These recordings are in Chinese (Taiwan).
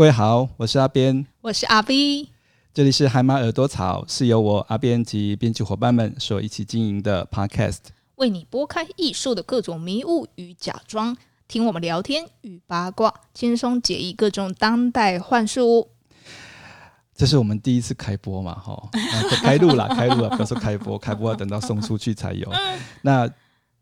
各位好，我是阿邊，我是阿 V，這裡是海馬耳朵草，是由我阿邊及編輯夥伴們所一起經營的 Podcast，為你撥開藝術的各種迷霧與假裝，聽我們聊天與八卦，輕鬆解疑各種當代幻術。這是我們第一次開播嘛？哈、呃，開錄啦，開錄啦，不要說開播，開播要等到送出去才有。 那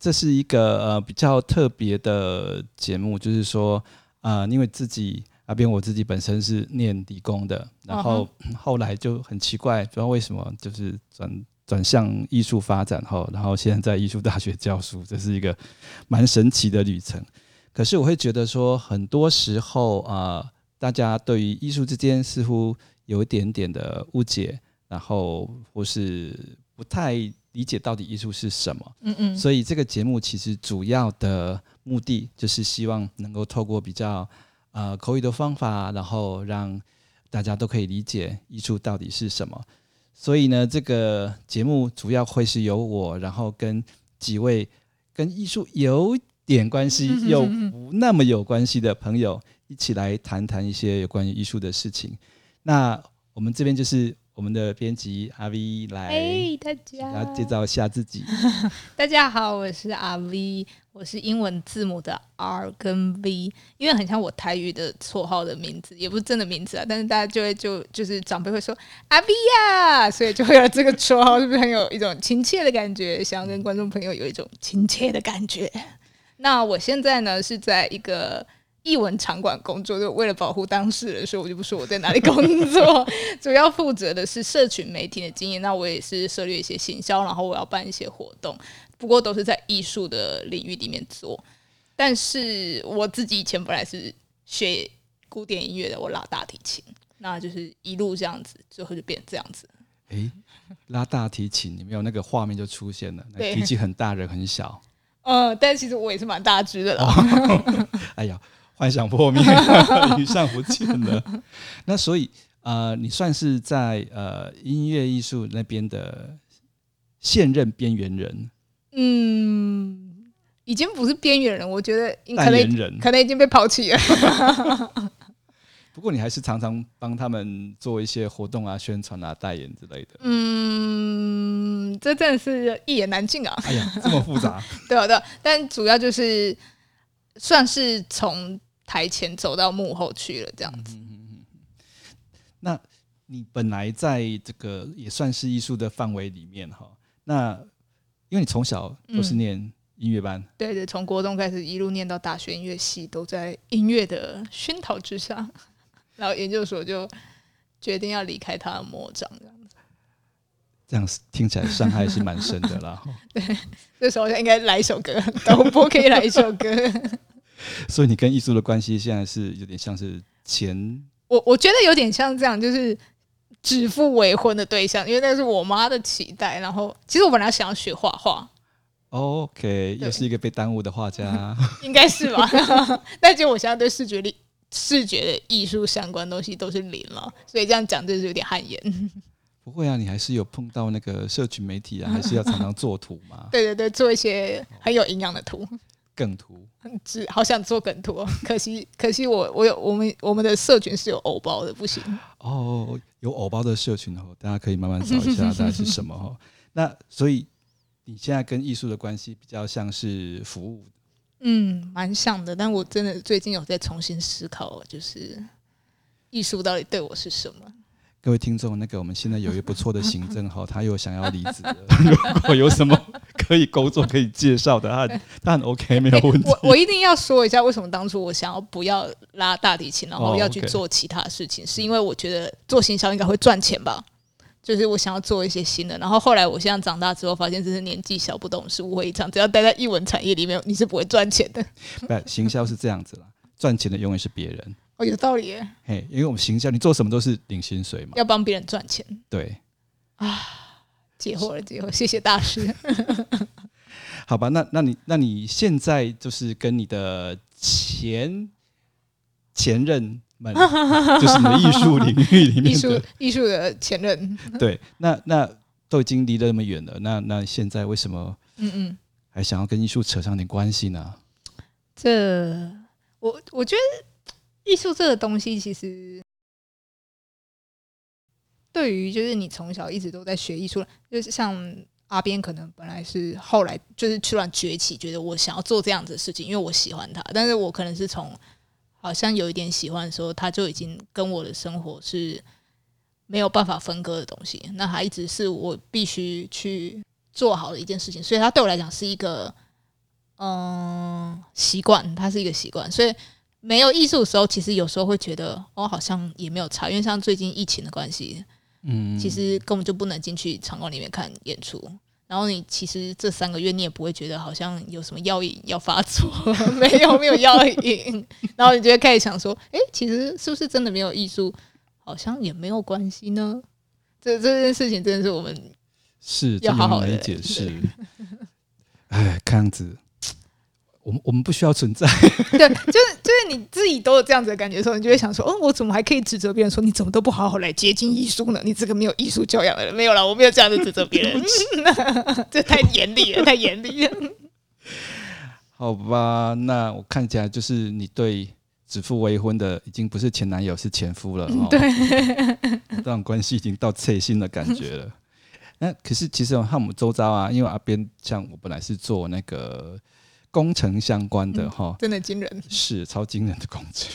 這是一個呃比較特別的節目，就是說，呃，因為自己。阿編我自己本身是念理工的，然後後來就很奇怪，不知道為什麼就是轉轉向藝術發展後，然後現在在藝術大學教書，這是一個蠻神奇的旅程。可是我會覺得說，很多時候啊、呃，大家對於藝術之間似乎有一點點的誤解，然後或是不太理解到底藝術是什麼。嗯嗯。所以這個節目其實主要的目的就是希望能夠透過比較。呃，口語的方法，然後讓大家都可以理解藝術到底是什麼。所以呢，這個節目主要會是由我，然後跟幾位跟藝術有點關係，又不那麼有關係的朋友一起來談談一些有關於藝術的事情。那我們這邊就是。我們的編輯阿 V 來，哎大家，來介紹一下自己。Hey, 大家 大家好，我是阿 V，我是英文字母的 R 跟 V，因為很像我台語的綽號的名字，也不是真的名字啊，但是大家就會就就是長輩會說阿 V 呀，啊，所以就會有這個綽號，是不是很有一種親切的感覺？ 想要跟觀眾朋友有一種親切的感覺。嗯、那我現在呢是在一個。藝文場館工作，就為了保護當事人，所以我就不說我在哪裡工作。 主要負責的是社群媒體的經驗，那我也是涉獵一些行銷，然後我要辦一些活動，不過都是在藝術的領域裡面做。但是我自己以前本來是學古典音樂的，我拉大提琴，那就是一路這樣子，最後就變成這樣子。哎、欸，拉大提琴，你沒有那個畫面就出現了，那提、個、琴很大，人對很小。嗯、呃，但其實我也是蠻大只的啦。 哎呀。幻想破滅，雨傘不見了。那所以，呃，你算是在呃音樂藝術那邊的現任邊緣人？嗯，已經不是邊緣人，我覺得可能代言人可能已經被拋棄了。 不過你還是常常幫他們做一些活動啊、宣傳啊、代言之類的。嗯，這真的是一言難盡啊！哎呀，這麼複雜。 對啊，對啊，但主要就是算是從。台前走到幕後去了，這樣子。嗯嗯嗯、那你本來在這個也算是藝術的範圍裡面哈，那因為你從小都是念音樂班，嗯、對對，從國中開始一路念到大學音樂系，都在音樂的熏陶之下，然後研究所就決定要離開他的魔掌，這樣子。這樣子聽起來傷害是蠻深的啦。 對，那時候應該來一首歌，導播可以來一首歌。 所以你跟藝術的關係現在是有點像是錢，我我覺得有點像這樣，就是指腹為婚的對象，因為那是我媽的期待。然後其實我本來想要學畫畫，OK，對又是一個被耽誤的畫家，應該是吧？但是 我現在對視覺力、視覺的藝術相關東西都是零了，所以這樣講真是有點汗顏。不會啊，你還是有碰到那個社群媒體啊，還是要常常做圖嗎？ 對對對，做一些很有營養的圖。梗圖，好想做梗圖，可惜可惜我，我我有我們我們的社群是有偶包的，不行哦。有偶包的社群哦，大家可以慢慢找一下，大概是什麼哦。 那所以你現在跟藝術的關係比較像是服務，嗯，蠻像的。但我真的最近有在重新思考，就是藝術到底對我是什麼。各位聽眾，那個我們現在有一個不錯的行政哈， 他又想要離職。如果有什麼可以工作可以介紹的，他他很 OK 沒有問題。欸、我我一定要說一下，為什麼當初我想要不要拉大提琴，然後要去做其他事情，哦、是因為我覺得做行銷應該會賺錢吧？嗯、就是我想要做一些新的。然後後來我現在長大之後，發現這是年紀小不懂事，誤會一場。只要待在藝文產業裡面，你是不會賺錢的。行銷是這樣子啦，賺 錢的永遠是別人。哦，有道理耶！嘿，因為我們行銷，你做什麼都是領薪水嘛，要幫別人賺錢。對啊，解惑了，解惑，謝謝大師。 好吧，那那你那你現在就是跟你的前前任們， 就是你的藝術領域裡面的藝術 的前任。 對，那那都已經離得那麼遠了，那那現在為什麼嗯嗯還想要跟藝術扯上點關係呢嗯嗯？這，我我覺得。藝術這個東西，其實對於就是你從小一直都在學藝術，就是像阿編可能本來是後來就是突然崛起，覺得我想要做這樣子的事情，因為我喜歡他。但是我可能是從好像有一點喜歡的時候，他就已經跟我的生活是沒有辦法分割的東西。那他一直是我必須去做好的一件事情，所以他對我來講是一個嗯習慣，他是一個習慣，所以。沒有藝術的時候，其實有時候會覺得，哦，好像也沒有差。因為像最近疫情的關係，嗯，其實根本就不能進去場館裡面看演出。然後你其實這三個月，你也不會覺得好像有什麼藥癮要發作， 沒有，沒有藥癮。 然後你就會開始想說，哎，其實是不是真的沒有藝術，好像也沒有關係呢？這這件事情真的是我們是要好好的解釋。哎對，看樣子。我們我們不需要存在，對，就是就是你自己都有這樣子的感覺的時候，你就會想說，哦，我怎麼還可以指責別人說，你怎麼都不好好來接近藝術呢？你這個沒有藝術教養的人，沒有啦，我沒有這樣子指責別人，這 太嚴厲了， 太嚴厲了。好吧，那我看起來就是你對指腹為婚的已經不是前男友是前夫了。哦嗯，對， 這種關係已經到切心的感覺了。那可是其實我看我們周遭啊，因為阿編像我本來是做那個。工程相關的哈，嗯，真的驚人，是超驚人的工程。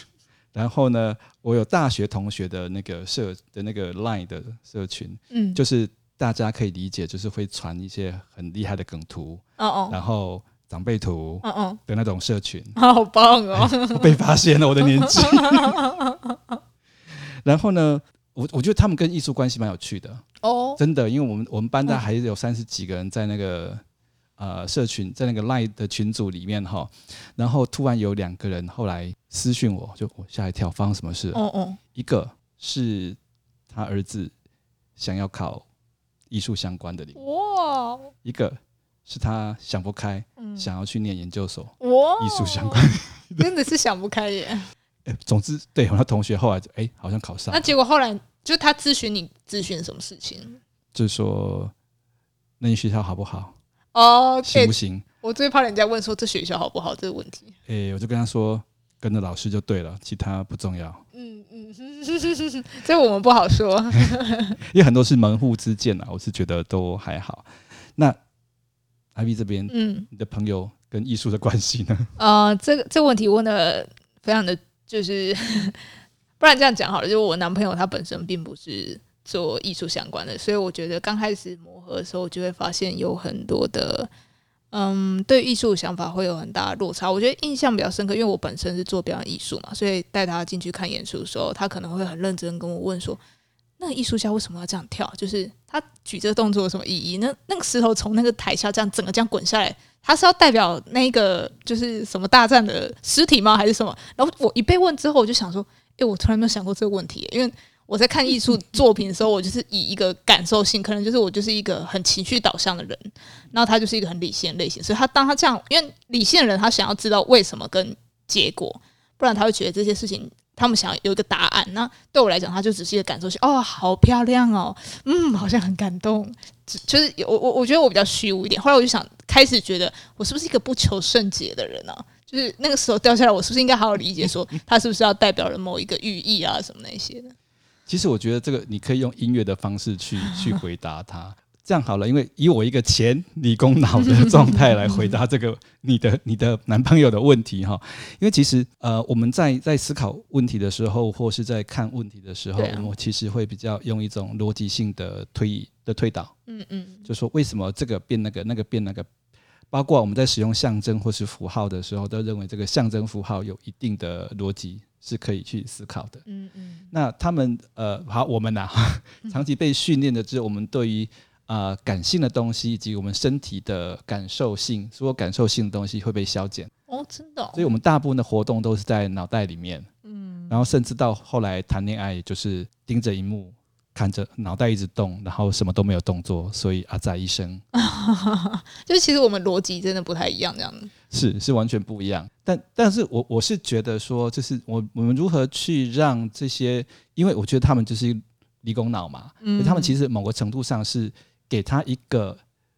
然後呢，我有大學同學的那個社的那個 Line 的社群，嗯，就是大家可以理解，就是會傳一些很厲害的梗圖，哦哦，然後長輩圖，嗯的那種社群，哦哦，啊，好棒哦，哎，我被發現了我的年紀。 然後呢，我我覺得他們跟藝術關係蠻有趣的哦，真的，因為我們我們班大概還有三十幾個人在那個。呃，社群在那個 Line 的群組裡面哈，然後突然有兩個人後來私訊我，就我嚇、哦、一跳，發生什麼事哦？哦哦，一個是他兒子想要考藝術相關的領域，哦、一個是他想不開，嗯、想要去念研究所，哇，藝術相關的、哦、 真的是想不開耶。欸、總之，對，我那同學後來哎、欸，好像考上了，那結果後來就他諮詢你諮詢什麼事情？就說，那你學校好不好？哦，okay, 行不行、欸？我最怕人家問說這學校好不好這個問題。哎、欸，我就跟他說跟着老師就對了，其他不重要。嗯嗯，是是是是，這我們不好說， 因為很多是門戶之見啊。我是覺得都還好。那 I V 這邊，嗯，你的朋友跟藝術的關係呢？呃，這個這個問題問的非常的就是，不然這樣講好了，就是我男朋友他本身並不是做藝術相關的，所以我覺得剛開始磨合的時候，就會發現有很多的，嗯，對藝術想法會有很大的落差。我覺得印象比較深刻，因為我本身是做表演藝術嘛，所以帶他進去看演出的時候，他可能會很認真跟我問說：“那個藝術家為什麼要這樣跳？就是他舉這個動作有什麼意義？那那個石頭從那個台下這樣整個這樣滾下來，他是要代表那個就是什麼大戰的屍體嗎？還是什麼？”然後我一被問之後，我就想說：“誒，欸，我從來沒有想過這個問題，欸，因為。”我在看藝術作品的時候，我就是以一個感受性，可能就是我就是一個很情緒導向的人。然後他就是一個很理性的類型，所以他當他這樣，因為理性的人他想要知道為什麼跟結果，不然他會覺得這些事情他們想要有一個答案。那對我來講，他就只是一個感受性哦，好漂亮哦，嗯，好像很感動。就是我我我覺得我比較虛無一點。後來我就想開始覺得我是不是一個不求甚解的人呢啊？就是那個時候掉下來，我是不是應該好好理解說他是不是要代表了某一個寓意啊什麼那些的？其實我覺得這個你可以用音樂的方式去去回答他，這樣好了，因為以我一個前理工腦的狀態來回答這個你的你的男朋友的問題哈、哦，因為其實呃我們在在思考問題的時候或是在看問題的時候，啊、我其實會比較用一種邏輯性的推的推導，嗯嗯，就說為什麼這個變那個，那個變那個，包括我們在使用象徵或是符號的時候，都認為這個象徵符號有一定的邏輯。是可以去思考的。嗯嗯，嗯那他們呃，好，我們呢、啊，長期被訓練的，只有我們對於啊、呃、感性的東西以及我們身體的感受性，所有感受性的東西會被消減。哦，真的、哦。所以，我們大部分的活動都是在腦袋裡面。嗯，然後甚至到後來談戀愛，就是盯着熒幕。看着腦袋一直動，然後什麼都沒有動作，所以阿仔醫生， 就其實我們邏輯真的不太一樣，這樣子是是完全不一樣。但但是我我是覺得說，就是我我們如何去讓這些，因為我覺得他們就是理工腦嘛，嗯，他們其實某個程度上是給他一個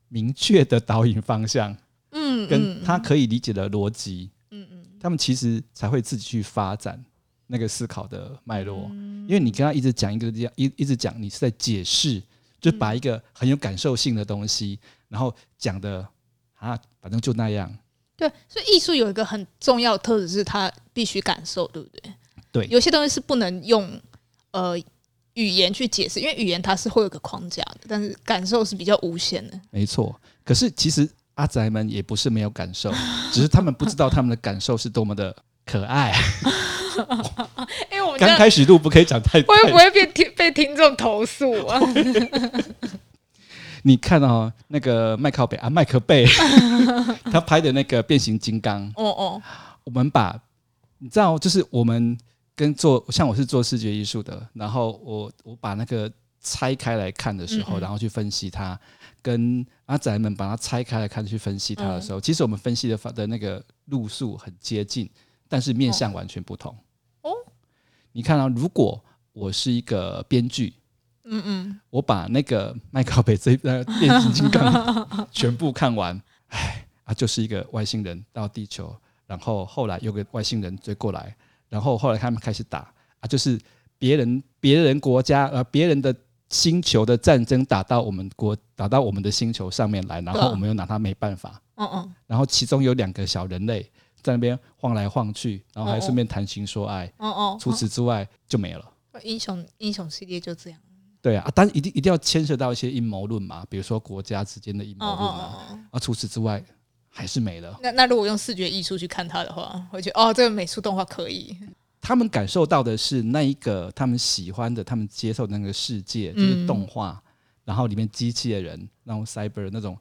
明確的導引方向，嗯嗯，跟他可以理解的邏輯，嗯嗯，他們其實才會自己去發展。那個思考的脈絡，因為你剛剛一直講一個這樣一一直講，你是在解釋，就把一個很有感受性的東西，然後講的啊，反正就那樣。對，所以藝術有一個很重要的特質，是它必須感受，對不對？對，有些東西是不能用呃語言去解釋，因為語言它是會有個框架的，但是感受是比較無限的。沒錯，可是其實阿宅們也不是沒有感受， 只是他們不知道他們的感受是多麼的可愛。 為我剛開始錄，不可以講太多，欸、我會不會被聽被聽眾投訴啊會？ 你看哦，那個麥考貝啊，麥可貝， 他拍的那個變形金剛。哦哦，我們把你知道，就是我們跟做，像我是做視覺藝術的，然後我我把那個拆開來看的時候，嗯嗯，然後去分析它，跟阿宅們把它拆開來看去分析它的時候，嗯、其實我們分析的發的那個路數很接近，但是面向完全不同。哦哦，你看啊，如果我是一個編劇，嗯嗯，我把那個麥可貝追呃變形金剛 全部看完，哎啊，就是一個外星人到地球，然後後來有個外星人追過來，然後後來他們開始打，啊，就是別人別人國家呃別人的星球的戰爭打到我們國打到我們的星球上面來，然後我們又拿他沒辦法，嗯嗯，然後其中有兩個小人類。在那邊晃來晃去，然後還順便談情說愛。哦哦，除此之外哦哦就沒了。英雄英雄系列就這樣。對啊，但是一定一定要牽涉到一些陰謀論嘛，比如說國家之間的陰謀論嘛。哦哦哦哦啊，除此之外、嗯、還是沒了。那那如果用視覺藝術去看它的話，會覺得哦，這個美術動畫可以。他們感受到的是那一個他們喜歡的、他們接受的那個世界，就是動畫，嗯、然後裡面機器的人，然後 Cyber 那種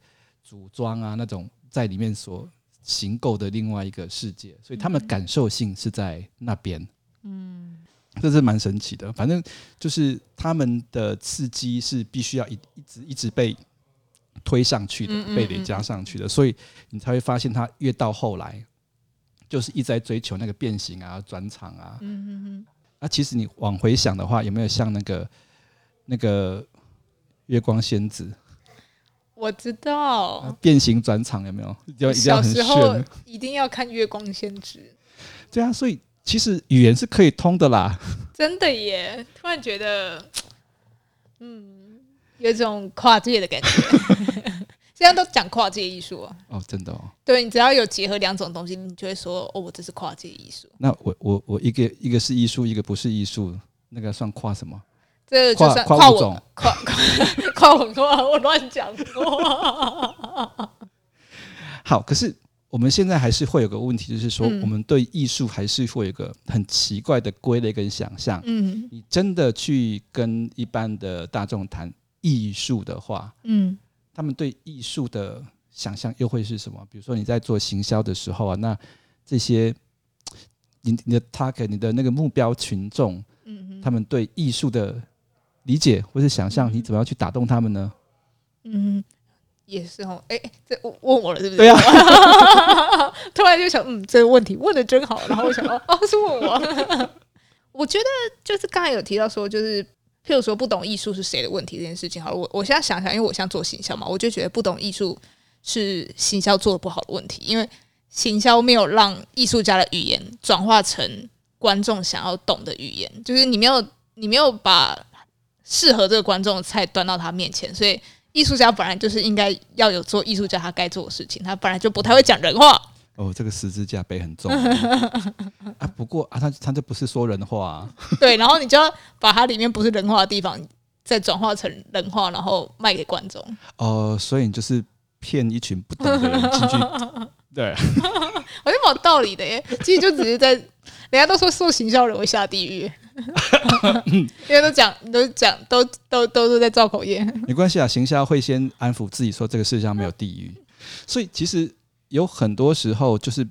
組裝啊，那種在裡面說。行夠的另外一個世界，所以他們感受性是在那邊，嗯，這是蠻神奇的。反正就是他們的刺激是必須要一一直一直被推上去的，嗯嗯嗯被累加上去的，所以你才會發現，他越到後來，就是一直追求那個變形啊、轉場啊。嗯嗯嗯。啊，其實你往回想的話，有沒有像那個那個月光仙子？我知道、啊、變形轉場有沒有？有，就一定要很炫。小時候一定要看《月光仙子》嗯。對啊，所以其實語言是可以通的啦。真的耶！突然覺得，嗯，有種跨界的感覺。現在 都講跨界藝術啊。哦，真的哦。對，你只要有結合兩種東西，你就會說：“哦，我這是跨界藝術。”那我我我一個一個是藝術，一個不是藝術，那個算跨什麼？這個就算誇我誇誇我誇我亂講， 好。可是我們現在還是會有個問題，就是說，嗯、我們對藝術還是會有個很奇怪的歸類跟想象。嗯，你真的去跟一般的大眾談藝術的話，嗯，他們對藝術的想象又會是什麼？比如說你在做行銷的時候啊，那這些你你的 target，你的那個目標群眾，嗯哼，他們對藝術的理解或者想象你怎麼樣去打動他們呢？嗯，也是哦。哎、欸，這問我了是不是，對不對對呀。 突然就想，嗯，這個問題問的真好。然後我想，哦，是問我，啊。 我覺得就是剛才有提到說，就是譬如說，不懂藝術是誰的問題這件事情。好，我我現在想想，因為我現在做行銷嘛，我就覺得不懂藝術是行銷做的不好的問題，因為行銷沒有讓藝術家的語言轉化成觀眾想要懂的語言，就是你沒有，你沒有把。適合這個觀眾的菜端到他面前，所以藝術家本來就是應該要有做藝術家他該做的事情，他本來就不太會講人話。哦，這個十字架背很重 啊，不過啊，他他這不是說人話，啊，對，然後你就要把它裡面不是人話的地方再轉化成人話，然後賣給觀眾。哦、呃，所以你就是騙一群不懂的人進去， 對，啊，我覺得沒有道理的耶，其實就只是在，人家都說做行銷人會下地獄。 因為都講都講都都都是在造口業，沒關係啊。行銷會先安撫自己說，這個世界上沒有地獄，所以其實有很多時候就是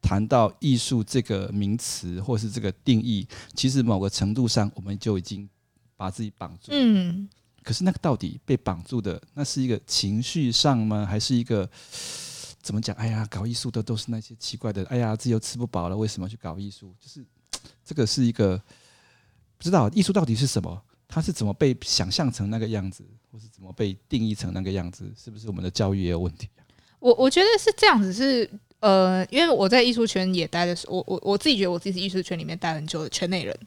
談到藝術這個名詞或是這個定義，其實某個程度上我們就已經把自己綁住。嗯，可是那個到底被綁住的，那是一個情緒上嗎？還是一個、呃、怎麼講？哎呀，搞藝術的都是那些奇怪的。哎呀，自己又吃不飽了，為什麼要去搞藝術？就是這個是一個。不知道藝術到底是什麼，它是怎麼被想象成那個樣子，或是怎麼被定義成那個樣子？是不是我們的教育也有問題？我我覺得是這樣子是，是呃，因為我在藝術圈也待的時候，我我我自己覺得我自己是藝術圈裡面待很久的圈內人，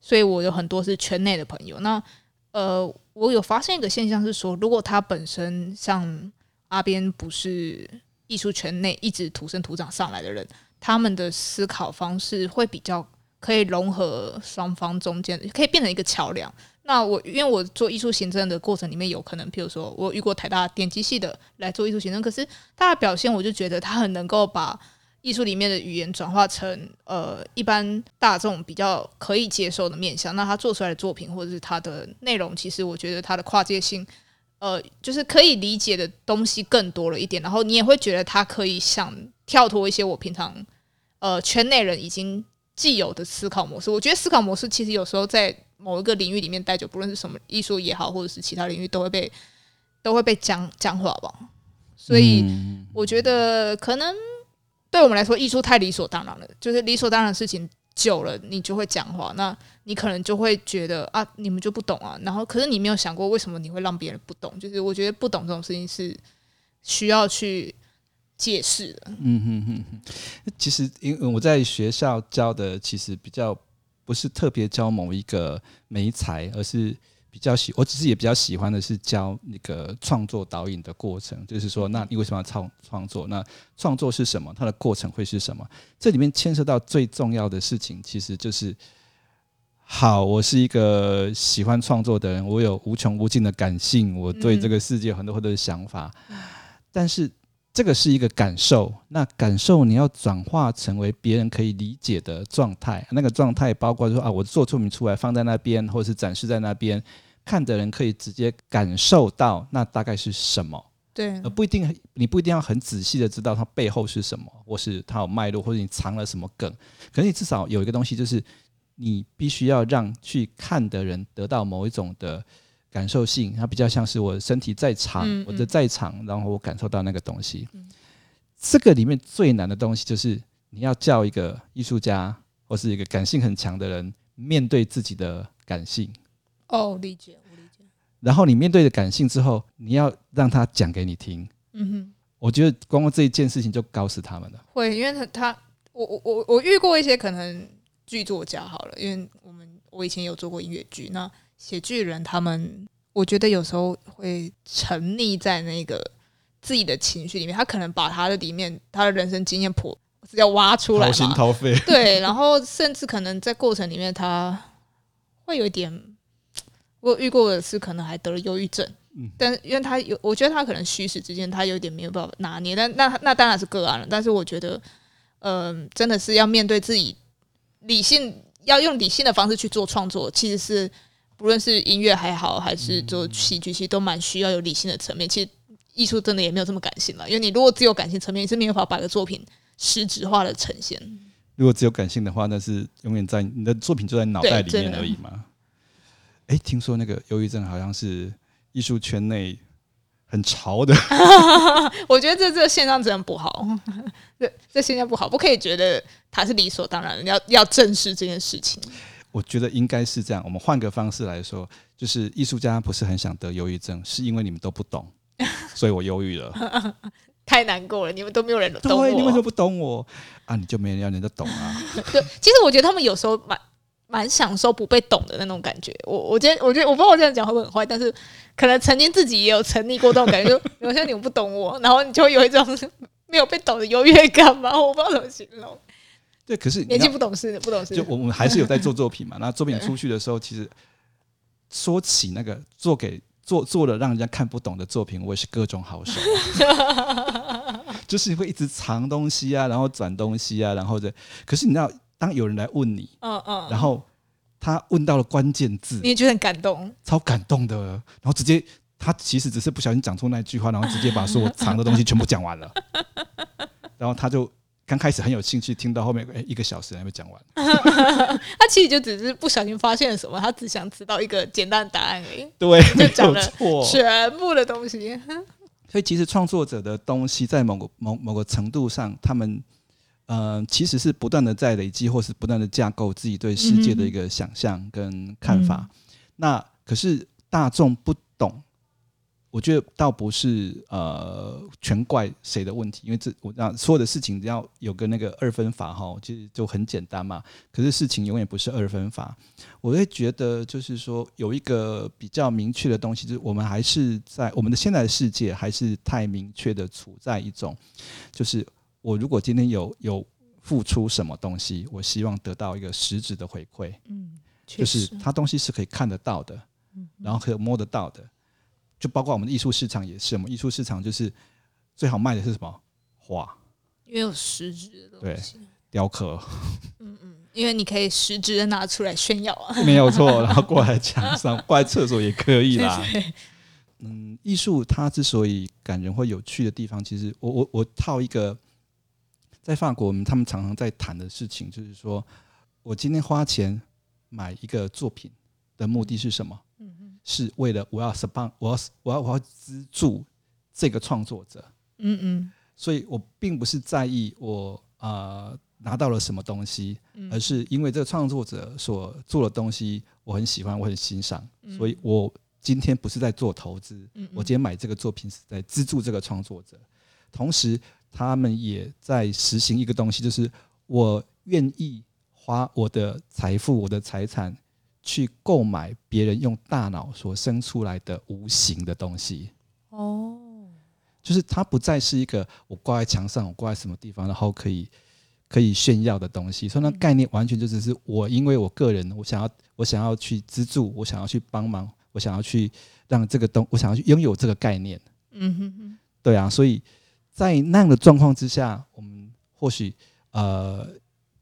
所以我有很多是圈內的朋友。那呃，我有發現一個現象是說，如果他本身像阿編不是藝術圈內一直土生土長上來的人，他們的思考方式會比較。可以融合雙方中間，可以變成一個橋梁。那我因為我做藝術行政的過程裡面，有可能，譬如說我遇過台大電機系的來做藝術行政，可是他的表現，我就覺得他很能夠把藝術裡面的語言轉化成呃一般大眾比較可以接受的面向。那他做出來的作品或者是他的內容，其實我覺得他的跨界性，呃，就是可以理解的東西更多了一點。然後你也會覺得他可以想跳脫一些我平常呃圈內人已經。既有的思考模式，我覺得思考模式其實有時候在某一個領域裡面待久，不論是什麼藝術也好，或者是其他領域，都會被都會被僵僵化吧。所以我覺得可能對我們來說，藝術太理所當然了，就是理所當然的事情久了，你就會僵化。那你可能就會覺得啊，你們就不懂啊。然後，可是你沒有想過，為什麼你會讓別人不懂？就是我覺得不懂這種事情是需要去。解釋了嗯哼哼哼，其實因為我在學校教的，其實比較不是特別教某一個媒材，而是比較喜，我只是也比較喜歡的是教那個創作導引的過程。就是說，那你為什麼要創創作？那創作是什麼？它的過程會是什麼？這裡面牽涉到最重要的事情，其實就是，好，我是一個喜歡創作的人，我有無窮無盡的感性，我對這個世界有很多很多的想法，嗯、但是。這個是一個感受，那感受你要轉化成為別人可以理解的狀態，那個狀態包括說啊，我做作品出來放在那邊，或者是展示在那邊，看的人可以直接感受到那大概是什麼。對，而不一定你不一定要很仔細的知道它背後是什麼，或是它有脈絡，或者你藏了什麼梗。可是你至少有一個東西，就是你必須要讓去看的人得到某一種的。感受性，它比較像是我身體在場，嗯嗯，我的在場，然後我感受到那個東西。嗯、這個裡面最難的東西就是你要叫一個藝術家或是一個感性很強的人面對自己的感性。哦，理解，我理解。然後你面對的感性之後，你要讓他講給你聽。嗯哼，我覺得光光這一件事情就搞死他們了。會，因為他他我我我我遇過一些可能劇作家好了，因為我們我以前有做過音樂劇那。寫劇人，他們我覺得有時候會沉溺在那個自己的情緒裡面，他可能把他的裡面他的人生經驗破要挖出來，掏心掏肺。對，然後甚至可能在過程裡面，他會有一點，我遇過的是可能還得了憂鬱症。嗯，但因為他有，我覺得他可能虛實之間，他有點沒有辦法拿捏。但那那，那當然是個案了。但是我覺得，呃，真的是要面對自己，理性要用理性的方式去做創作，其實是。不論是音樂還好，還是做戲劇，其實都蠻需要有理性的層面。其實藝術真的也沒有這麼感性了，因為你如果只有感性層面，你是沒有辦法把個作品實質化的呈現。如果只有感性的話，那是永遠在你的作品就在腦袋裡面而已嘛。哎、欸，聽說那個憂鬱症好像是藝術圈內很潮的。 我覺得這這現象真的不好。 這這現象不好，不可以覺得它是理所當然的，要要正視這件事情。我覺得應該是這樣。我們換個方式來說，就是藝術家不是很想得憂鬱症，是因為你們都不懂，所以我憂鬱了。 太難過了，你們都沒有人懂我。你為什麼不懂我啊，你就沒人要，人都懂啊 對。其實我覺得他們有時候蠻蠻享受不被懂的那種感覺。我我覺得，我覺得我不知道我這樣講會不會很壞，但是可能曾經自己也有沉溺過這種感覺， 就好像你，你們不懂我，然後你就有一種沒有被懂的優越感嘛。我不知道怎麼形容。對，可是年紀不懂事，不懂事。就我們還是有在做作品嘛。那 作品出去的時候，其實說起那個做給做做，做了讓人家看不懂的作品，我也是各種好笑， 就是會一直藏東西啊，然後轉東西啊，然後的。可是你知道，當有人來問你，嗯嗯、哦，哦、然後他問到了關鍵字，你也覺得很感動，超感動的。然後直接他其實只是不小心講出那一句話，然後直接把所有藏的東西全部講完了， 然後他就。剛開始很有興趣，聽到後面，欸、一個小時還沒講完。 他其實就只是不小心發現了什麼，他只想知道一個簡單的答案而已。對，就講了全部的東西。所以其實創作者的東西，在某個某某個程度上，他們，嗯、呃，其實是不斷的在累積，或是不斷的架構自己對世界的一個想象跟看法。嗯、那可是大眾不懂。我覺得倒不是呃全怪誰的問題，因為這我讓所有的事情只要有個那個二分法哈，其實就很簡單嘛。可是事情永遠不是二分法。我會覺得就是說有一個比較明確的東西，就是我們還是在我們的現在的世界還是太明確的處在一種，就是我如果今天有有付出什麼東西，我希望得到一個實質的回饋，嗯，就是它東西是可以看得到的，然後可以摸得到的。就包括我們的藝術市場也是，我們藝術市場就是最好賣的是什麼畫？畫因為有實質的東西。對，雕刻。嗯嗯，因為你可以實質的拿出來炫耀啊。沒有錯，然後掛在牆上，掛在廁所也可以啦。對對對嗯，藝術它之所以感人或有趣的地方，其實我我我套一個，在法國我們他們常常在談的事情，就是說我今天花錢買一個作品的目的是什麼？嗯是為了我要 support 我要我要我要資助這個創作者，嗯嗯，所以我並不是在意我啊、呃、拿到了什麼東西，而是因為這個創作者所做的東西我很喜歡，我很欣賞，所以我今天不是在做投資，我今天買這個作品是在資助這個創作者，同時他們也在實行一個東西，就是我願意花我的財富，我的財產。去購買別人用大腦所生出來的無形的東西哦，就是它不再是一個我掛在牆上，我掛在什麼地方，然後可以可以炫耀的東西。所以那概念完全就只是我，因為我個人，我想要我想要去資助，我想要去幫忙，我想要去讓這個東，我想要去擁有這個概念。嗯哼哼，對啊，所以在那樣的狀況之下，我們或許呃，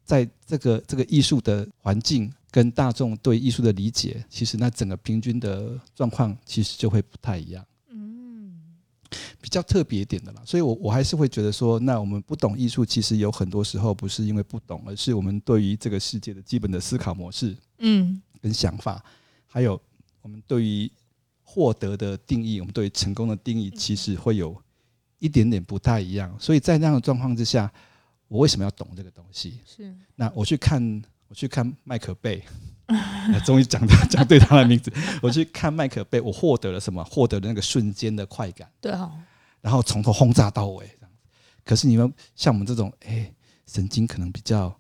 在這個這個藝術的環境，跟大眾對藝術的理解，其實那整個平均的狀況其實就會不太一樣。嗯，比較特別一點的啦，所以我我還是會覺得說，那我們不懂藝術，其實有很多時候不是因為不懂，而是我們對於這個世界的基本的思考模式，嗯，跟想法，嗯、還有我們對於獲得的定義，我們對於成功的定義，其實會有一點點不太一樣。嗯、所以在那樣的狀況之下，我為什麼要懂這個東西？是，那我去看。我去看麥可貝，終於講到講對他的名字。 我去看麥可貝，我獲得了什麼？獲得了那個瞬間的快感。對、哦、然後從頭轟炸到尾，可是你們像我們這種，哎、欸，神經可能比較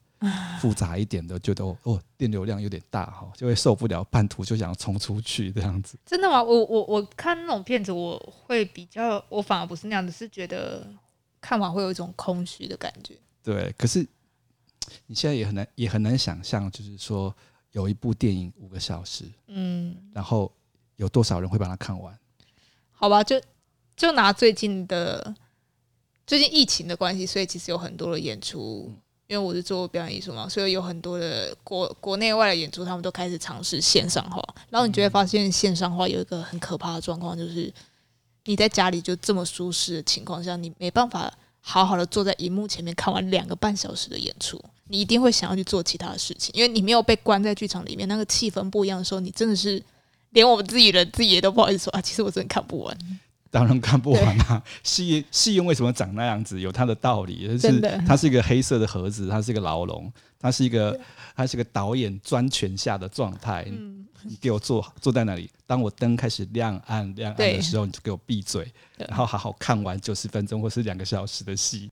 複雜一點的， 覺得哦電流量有點大哈，就會受不了，半途就想要衝出去這樣子。真的嗎？我我我看那種片子，我會比較，我反而不是那樣子，是覺得看完會有一種空虛的感覺。對，可是。你現在也很難，也很難想象，就是說有一部電影五個小時，嗯，然後有多少人會把它看完？好吧，就就拿最近的，最近疫情的關係，所以其實有很多的演出，因為我是做表演藝術嘛，所以有很多的國國內外的演出，他們都開始嘗試線上化。然後你就會發現，線上化有一個很可怕的狀況，就是你在家裡就這麼舒適的情況下，你沒辦法。好好的坐在熒幕前面看完兩個半小時的演出，你一定會想要去做其他的事情，因為你沒有被關在劇場裡面，那個氣氛不一樣的時候，你真的是連我們自己人自己也都不好意思說啊，其實我真的看不完。當然看不完啦，啊，戲戲對院為什麼長那樣子，有它的道理，就是真的它是一個黑色的盒子，它是一個牢籠，它是一個對它是一個導演專權下的狀態。嗯你給我坐坐在那裡，當我燈開始亮暗亮暗的時候，對你就給我閉嘴，然後好好看完九十分鐘或是兩個小時的戲。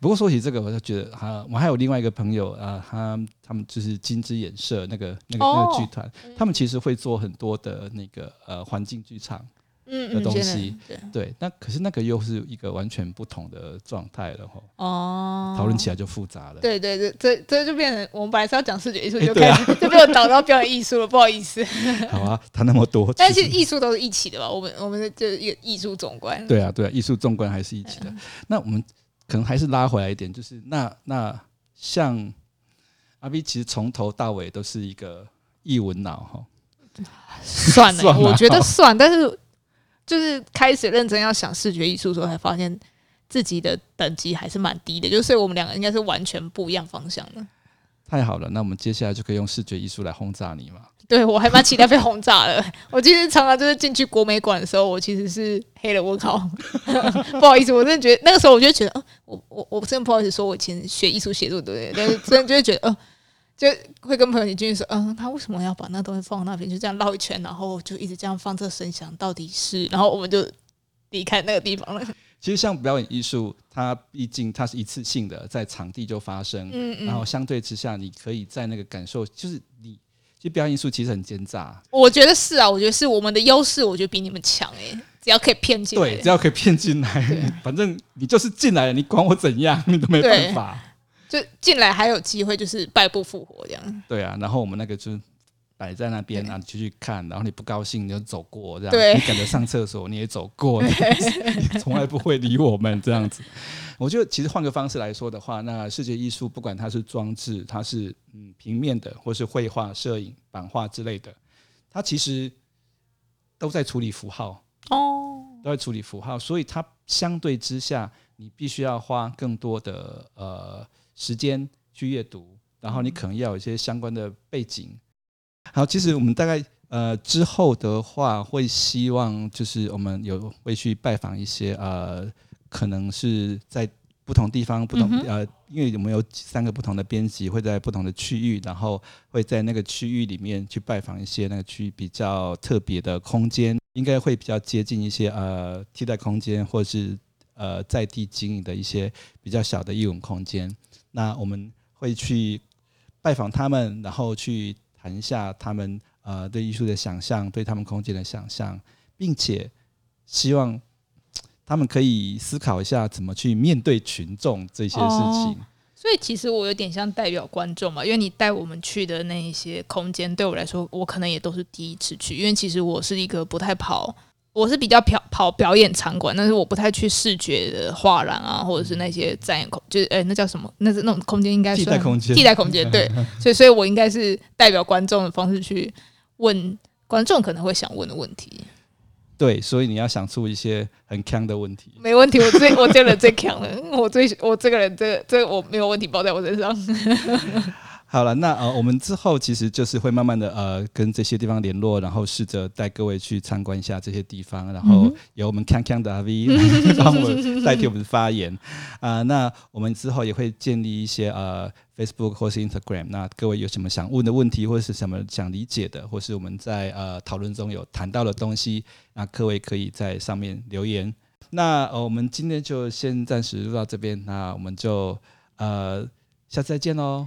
不過說起這個，我就覺得哈、啊，我還有另外一個朋友啊，他他們就是金枝演社那個那個那個劇團，哦、他們其實會做很多的那個呃環境劇場。嗯的東西，對，那可是那個又是一個完全不同的狀態了吼。哦，討論起來就複雜了。對對對，這這就變成我們本來是要講視覺藝術，就就就又導到表演藝術了，不好意思。好啊，談那麼多，但是藝術都是一起的吧？我們我們的就藝藝術總觀。對啊對啊，藝術總觀還是一起的。那我們可能還是拉回來一點，就是那那像阿 B，其實從頭到尾都是一個藝文腦吼。算了，我覺得算，但是。就是開始認真要想視覺藝術的時候，才發現自己的等級還是蠻低的。就所以我們兩個應該是完全不一樣方向的。太好了，那我們接下來就可以用視覺藝術來轟炸你嘛？對我還蠻期待被轟炸的。 我其實常常就是進去國美館的時候，我其實是黑了。我靠， 不好意思，我真的覺得那個時候我就覺得，哦、呃，我我我真的不好意思說，我以前學藝術寫作對不對，但是真的就會覺得，哦、呃。就會跟朋友一起進去說，嗯，他為什麼要把那東西放在那邊？就這樣繞一圈，然後就一直這樣放這聲響，到底是？然後我們就離開那個地方了。其實，像表演藝術，它畢竟它是一次性的，在場地就發生。嗯嗯。然後，相對之下，你可以在那個感受，就是你。其實表演藝術其實很奸詐。我覺得是啊，我覺得是我們的優勢，我覺得比你們強哎、欸。只要可以騙進，對，只要可以騙進來，對反正你就是進來了，你管我怎樣，你都沒辦法。就進來還有機會，就是敗部復活這樣。對啊，然後我們那個就擺在那邊啊，你去對 看，然後你不高興你就走過這樣。對 你趕着上廁所你也走過，你從對 來不會理我們這樣子。我覺得其實換個方式來說的話，那視覺藝術不管它是裝置，它是嗯平面的，或是繪畫、攝影、版畫之類的，它其實都在處理符號哦，都在處理符號，所以它相對之下，你必須要花更多的呃。時間去閱讀，然後你可能要有一些相關的背景。好，其實我們大概呃之後的話，會希望就是我們有會去拜訪一些呃，可能是在不同地方不同呃，因為我們有三個不同的編輯會在不同的區域，然後會在那個區域裡面去拜訪一些那個區域比較特別的空間，應該會比較接近一些呃替代空間，或者是呃在地經營的一些比較小的藝文空間。那我們會去拜訪他們，然後去談一下他們呃對藝術的想象對他們空間的想象並且希望他們可以思考一下怎麼去面對群眾這些事情。哦，所以其實我有點像代表觀眾嘛，因為你帶我們去的那一些空間，對我來說，我可能也都是第一次去，因為其實我是一個不太跑。我是比較跑跑表演場館，但是我不太去視覺的畫廊啊，或者是那些展演空，就是哎、欸，那叫什麼？那是那種空間應該是空間，替代空間，對， 所以所以我應該是代表觀眾的方式去問觀眾可能會想問的問題。對，所以你要想出一些很強的問題。沒問題，我最我這個人最強了， 我最我這個人這個、這個、我沒有問題，包在我身上。 好了，那呃，我們之後其實就是會慢慢的呃，跟這些地方聯絡，然後試着帶各位去參觀一下這些地方，然後由我們 Kang Kang 的 RV 讓、嗯、哼我代替我們的發言啊、嗯哼呃。那我們之後也會建立一些呃 Facebook 或是 Instagram。那各位有什麼想問的問題，或是什麼想理解的，或是我們在呃討論中有談到的東西，那各位可以在上面留言。那、呃、我們今天就先暫時錄到這邊，那我們就呃下次再見嘍。